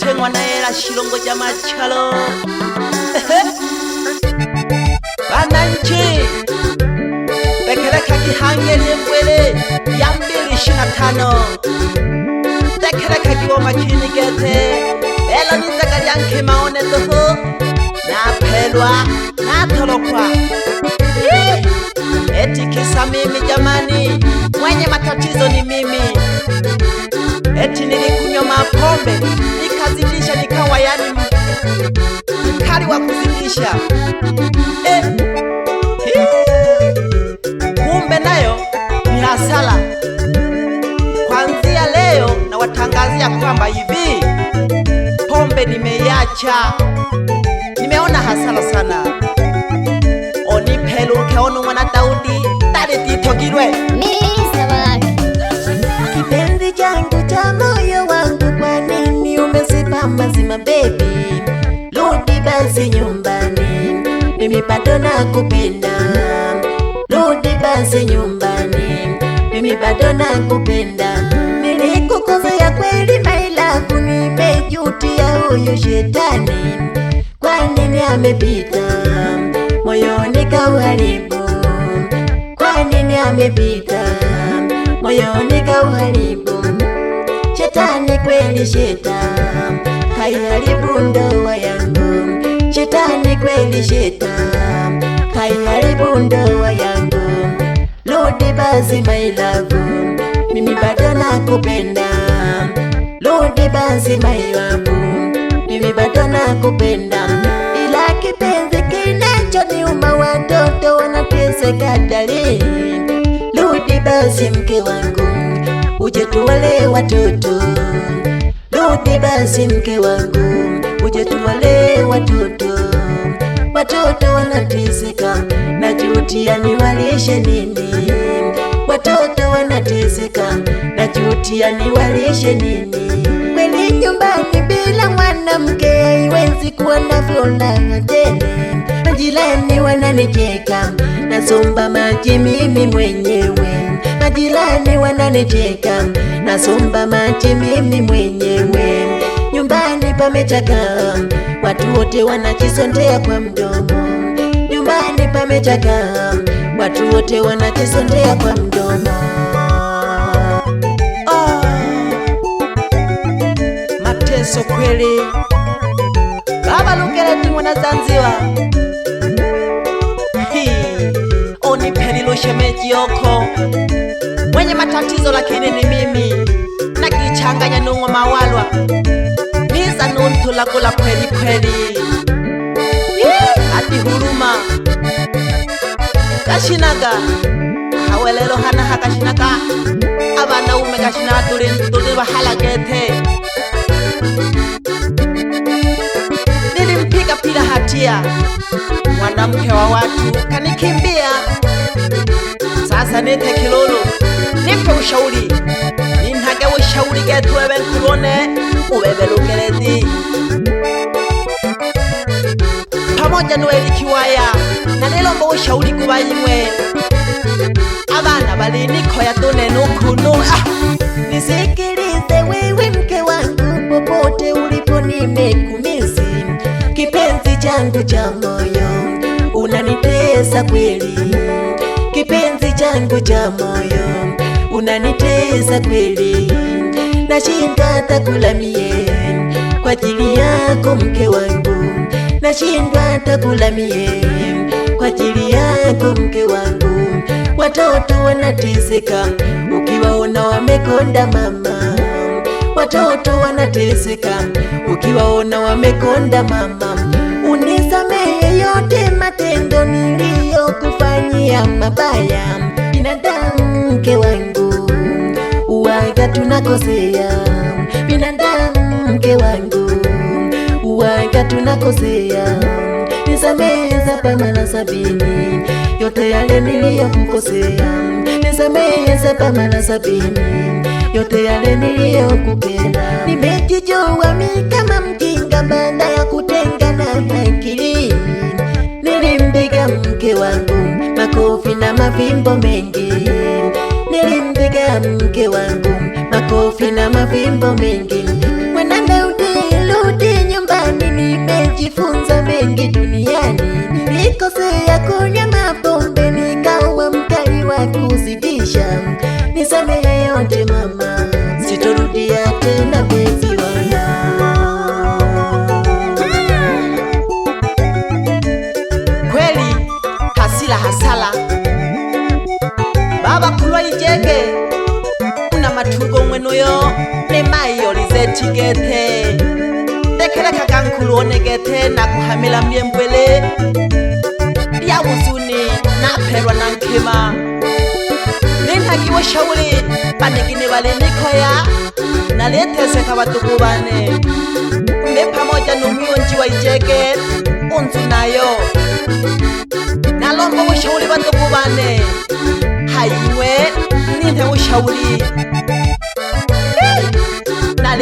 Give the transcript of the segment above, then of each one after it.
tengwa naye la chilongo cha machalo wananchi tekereka kihange limbwele ya mbili ishirini na tano tekereka kiwo makini gete ela nitakalyanke maone toho napelwa natolokwa eti kisa mimi jamani, mwenye matatizo ni mimi. Eti nilikunywa mapombe nikazidisha, nikawa yani mkali wa kuzidisha eh. Kumbe nayo ni hasara. Kwanzia leo nawatangazia kwamba hivi pombe nimeiacha, nimeona hasara sana nikaona mwana Daudi kipenzi changu cha moyo wangu, kwa nini umesimama zima? Baby rudi basi nyumbani, mimi bado nakupenda, rudi basi nyumbani, mimi bado nakupenda. kweli nimejutia shetani, kwa nini amepita moyoni kauharibu. Kwa nini amepita moyoni kauharibu? Shetani kweli, sheta kaiharibu ndoa yangu. Shetani kweli, sheta kaiharibu ndoa yangu. Rudi basi my love, mimi bado nakupenda. Rudi basi my love, mimi bado nakupenda. hatarini. Rudi basi mke wangu, uje tuwale watoto. Rudi basi mke wangu, uje tuwale watoto. Watoto wanateseka na jutia, niwalishe nini? Watoto wanateseka na jutia, niwalishe nini? Kweli nyumbani bila mwanamke haiwezi kuwa na furaha tena majirani wananicheka, nasomba maji mimi mwenyewe. Majirani wananicheka, nasomba maji mimi mwenyewe. Nyumbani pamechakaa, watu wote wanachisondea kwa mdomo. Nyumbani pamechakaa, watu wote wanachisondea kwa mdomo. Ah. Mateso kweli, Baba Lukeleti mwana Zanzibar. shemeji yoko mwenye matatizo lakini ni mimi nakichanganya nungwa mawalwa niza nuntulagula kweli kweli ati huruma kashinaga hawelelo hanaha kashinaga abanaume kashinaga tuli tuli bahalagete nilimpiga pila hatia mwanamke wa watu kanikimbia, sasa nite kilulu, nipe ushauri nintage ushauri getu wevelkulone uwevelugelezi pamoja nuwelikiwaya nanilomba ushauri kubayimwe abana ya tune nukunu ah! nisikilize wewe mke wangu popote ulipo, nimekumisi kipenzi changu cha moyo unanitesa kweli, kipenzi changu cha moyo, unanitesa kweli, nashinda takulamie kwa ajili yako mke wangu, nashinda takulamie kwa ajili yako mke wangu. Watoto wanateseka ukiwaona wamekonda mama, watoto wanateseka ukiwaona wamekonda mama yeyote matendo niliyokufanyia mabaya, binadamu mke wangu, uwaga tunakosea, binadamu mke wangu, uwaga tunakosea, nisamehe saba mara sabini yote yale niliyokukosea, nisamehe saba mara sabini yote yale niliyokukera. Nimejijoa mimi kama mjinga baada ya kutengana na mke wangu makofi na mavimbo mengi, nilimpiga mke wangu makofi na mavimbo mengi. Mwanangu utirudi nyumbani, nimejifunza mengi duniani, nilikosea kunywa mapombe nikawa mkali wa kuzidisha. nisamehe yote mama. tugomwe nuyo lemaiyo lizeti gete ndekereka na nakuhamila myembwele ya huzuni naperwa na nkema ninhagiwe shauli banigini bale nikoya naleteseka batugubane ndi pamoja numuyonji wa ijege unzu nayo nalomba ushauli batugubane haiwe ninte ushauli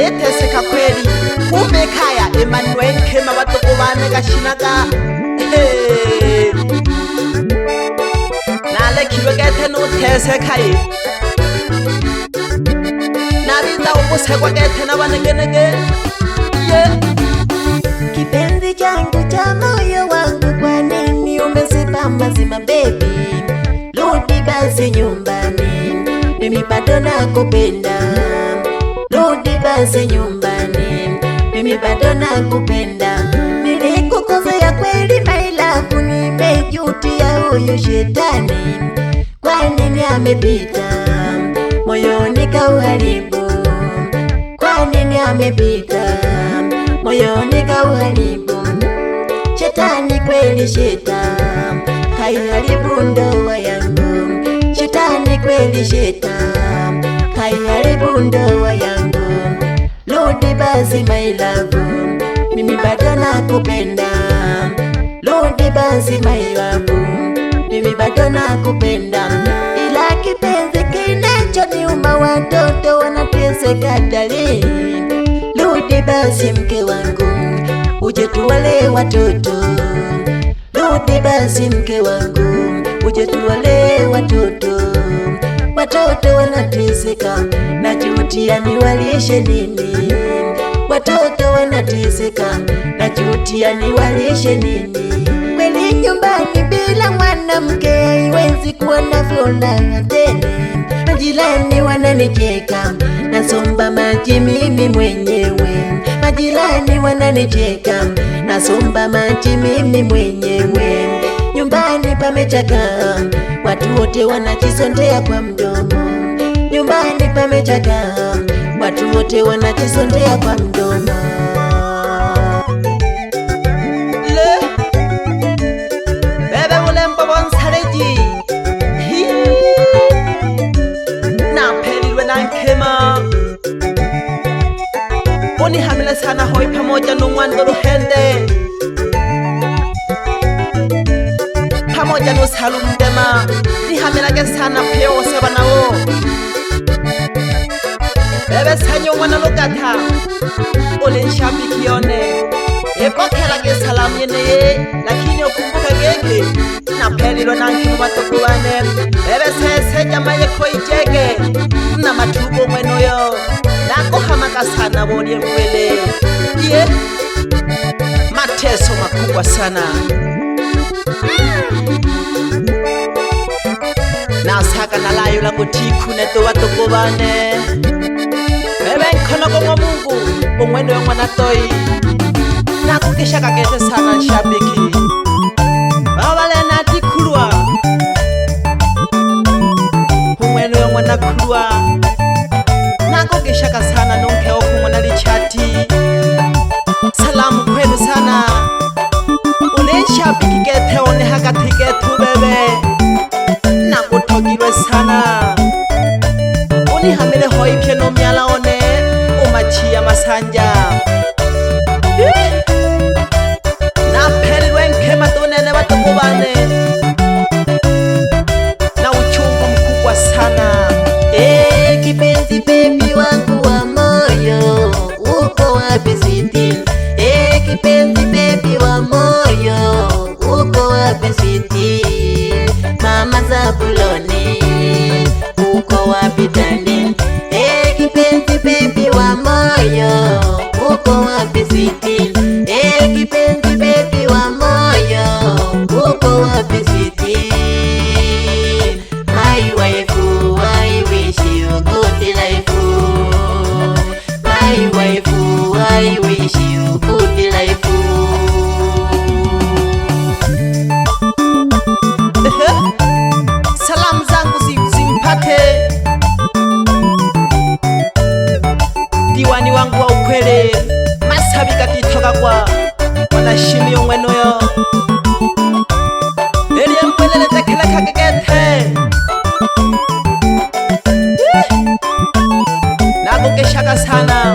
areteseka kweli, kumbe Kaya Emmanuel Kema batogobane gashinaga hey. nale kibegete nutesekaye narinda ubusegwa gete nabanengenenge kipenzi changu cha moyo wangu kwa nini umezima mazima baby, rudi basi nyumbani, mimi bado nakupenda kazi nyumbani, mimi bado nakupenda. ya kweli maila kunimejutia huyu shetani, kwa nini amepita moyoni kauharibu? Kwa nini amepita moyoni kauharibu? Shetani kweli shetani kaiharibu ndoa yangu, shetani kweli shetani kaiharibu ndoa yangu. Lodi basi my love, mimi bado nakupenda. Lodi basi my love, mimi bado nakupenda, ila kipenzi kinachoniuma watoto wanateseka dali. Lodi basi mke wangu, uje tuwale watoto. Lodi basi mke wangu, uje tuwale watoto watoto wanateseka, najutia niwalishe nini? Watoto wanateseka, najutia niwalishe nini? Kweli nyumbani bila mwanamke haiwezi kuwa na furaha tena. Majirani wananicheka, nasomba maji mimi mwenyewe. Majirani wananicheka, nasomba maji mimi mwenyewe pamechakaa, watu wote wanachisondea kwa mdomo. Nyumbani pamechakaa, watu wote wanachisondea kwa mdomo. Hoi pamoja nung'wando ntano salumdema nihamelage sana peose banawo bebesanye ngwana lokatha olenshambiki yone epokhelage salamu yeneye lakini okumbuka gege napelilo nankimu batokuwane bebesesenyamayeko ijege na matubo ngwenoyo nakohamaga sana bolie mwele ye mateso makubwa sana Mm-hmm. nasaka nalayo lakothikhu netowatokobane bebenkhona kongwa mungu ongwene wengwana toi nako keshaka kese sana shabiki ipyano myalaone umachiya masanja naphelelwe nkematunene watuku wane na uchungu mkubwa sana hey, eh, kipenzi bebi wangu wa moyo uko wapi siti hey, eh, kipenzi bebi wa moyo uko wapi siti Diwani wangu wa ukweli masabika kitoka kwa mwanashimio mwenoyo eliyamkweleletekela kakekete nakukeshaka sana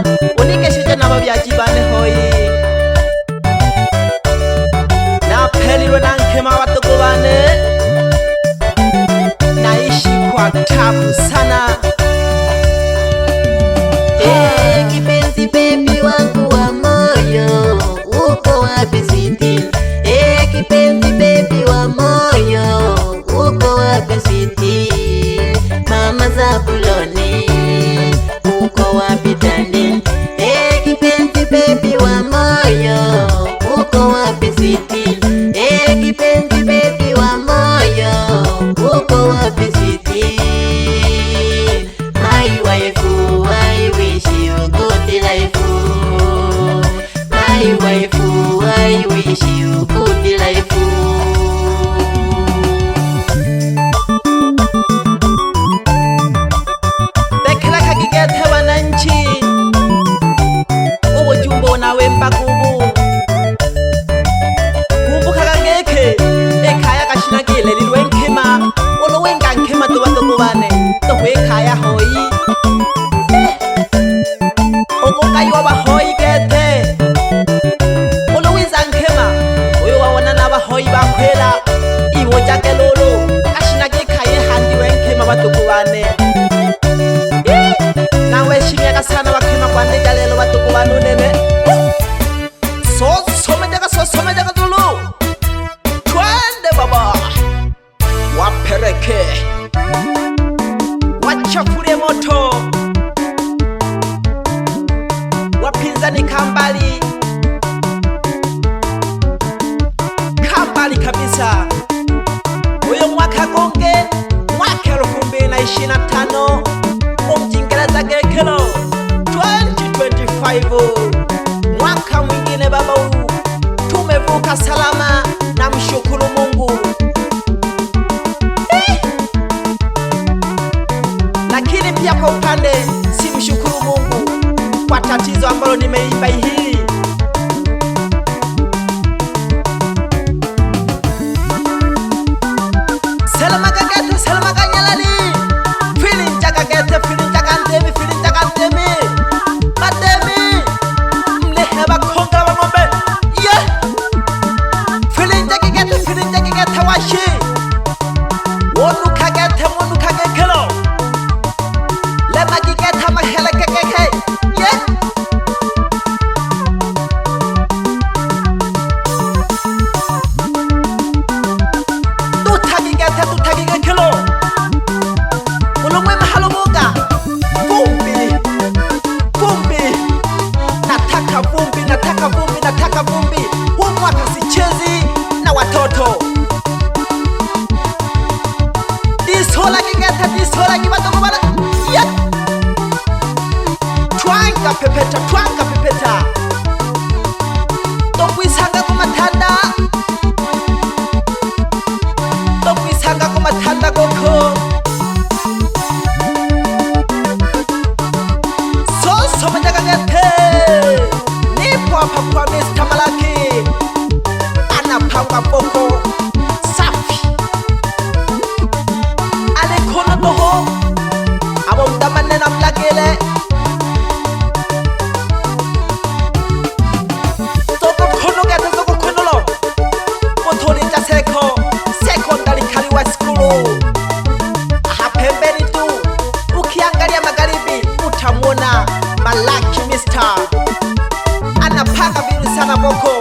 sana Boko,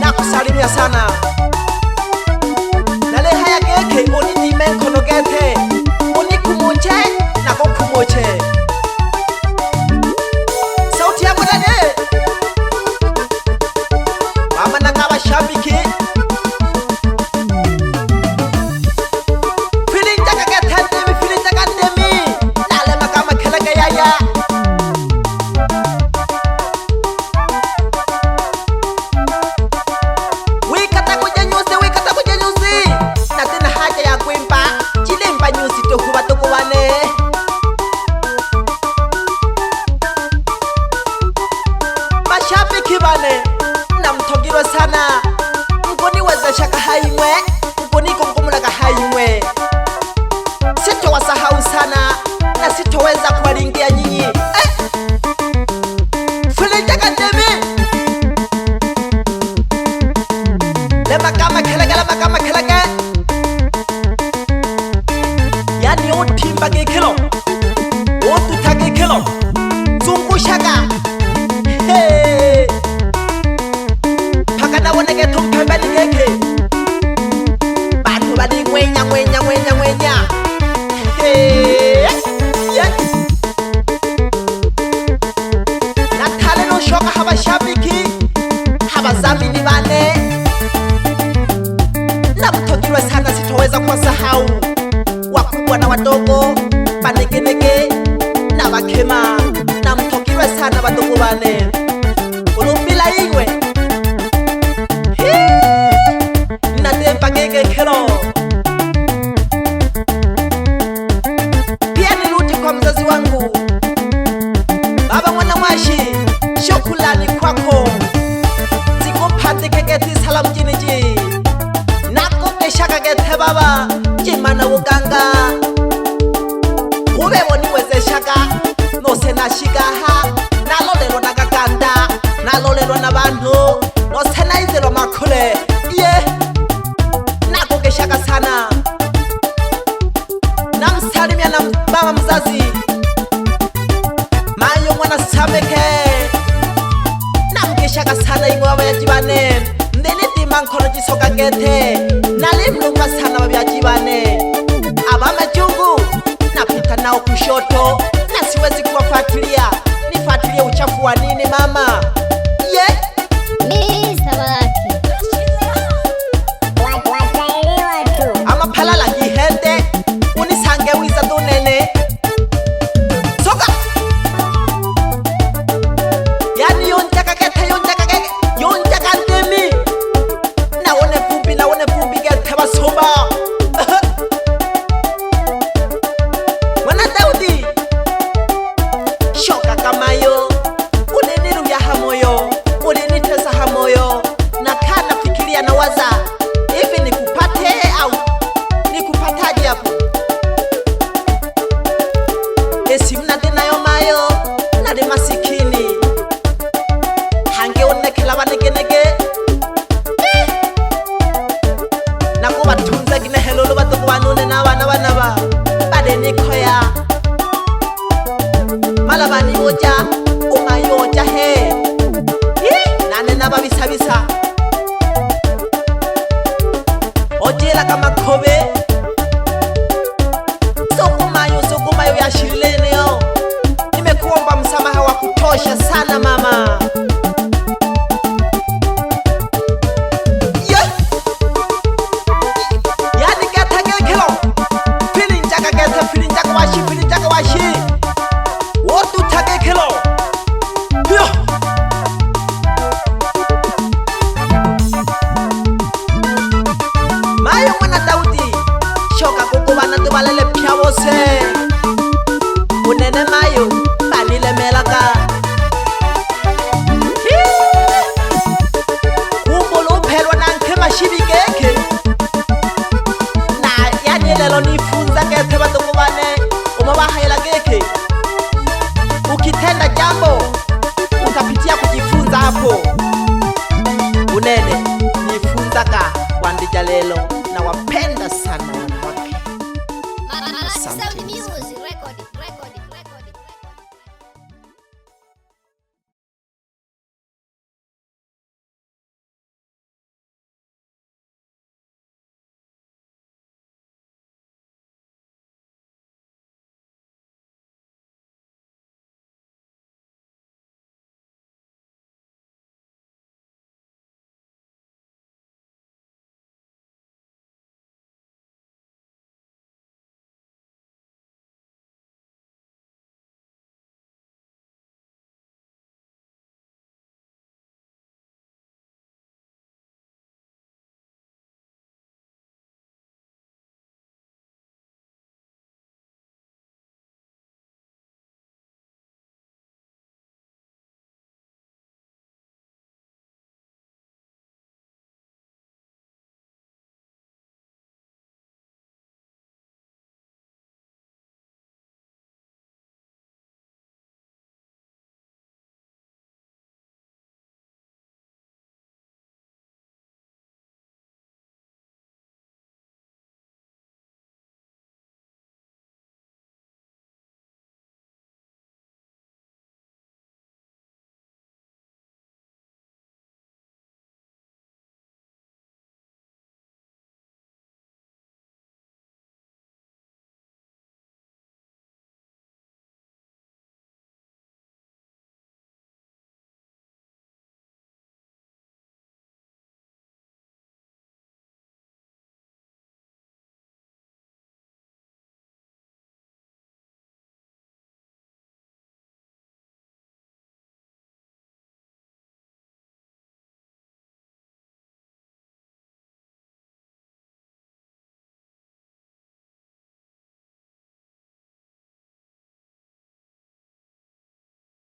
nakusalimia sana. Kenya. Hey, yes. Natale noshoka habashabiki habazamini bane na mtotulwe sana, sitoweza kwa sahau wakubwa na wadogo, banegenege na bakema na mtokilwe sana badogo bane khalam chini chi na ko te shaka ke the baba ke mana wo ganga ube woni we se shaka no se na shika ha na lo le ro na ka kanda na lo le ro na bandu